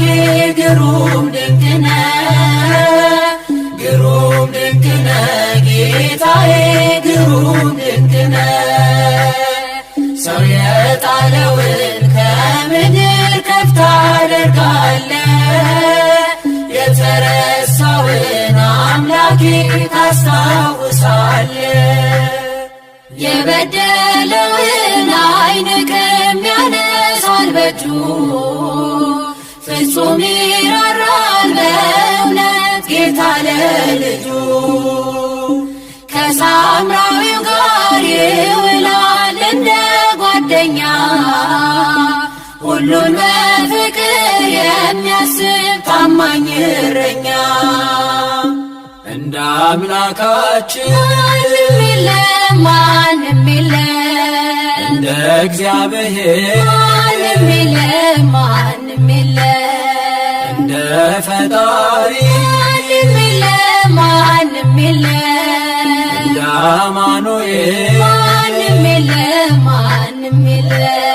ጌ ግሩም ድንቅነ ግሩም ድንቅነ ጌታዬ ግሩም ድንቅነ ሰው የጣለውን ከምድር ከፍ ታደርጋለ የተረሳውን አምላኬ ታስታውሳለ የበደለውን አይንቅም ያነሳል በእጁ ፍጹም ይራራል በእውነት ጌታ ለልጁ ከሳምራዊው ጋር ይውላል እንደ ጓደኛ ሁሉን በፍቅር የሚያስብ ታማኝ እረኛ እንደ አምላካችን ማንም የለም እንደ እግዚአብሔር ማንም የለም ማንም የለም እንደ ፈጣሪ ማንም የለም ማንም እንደ አማኑኤል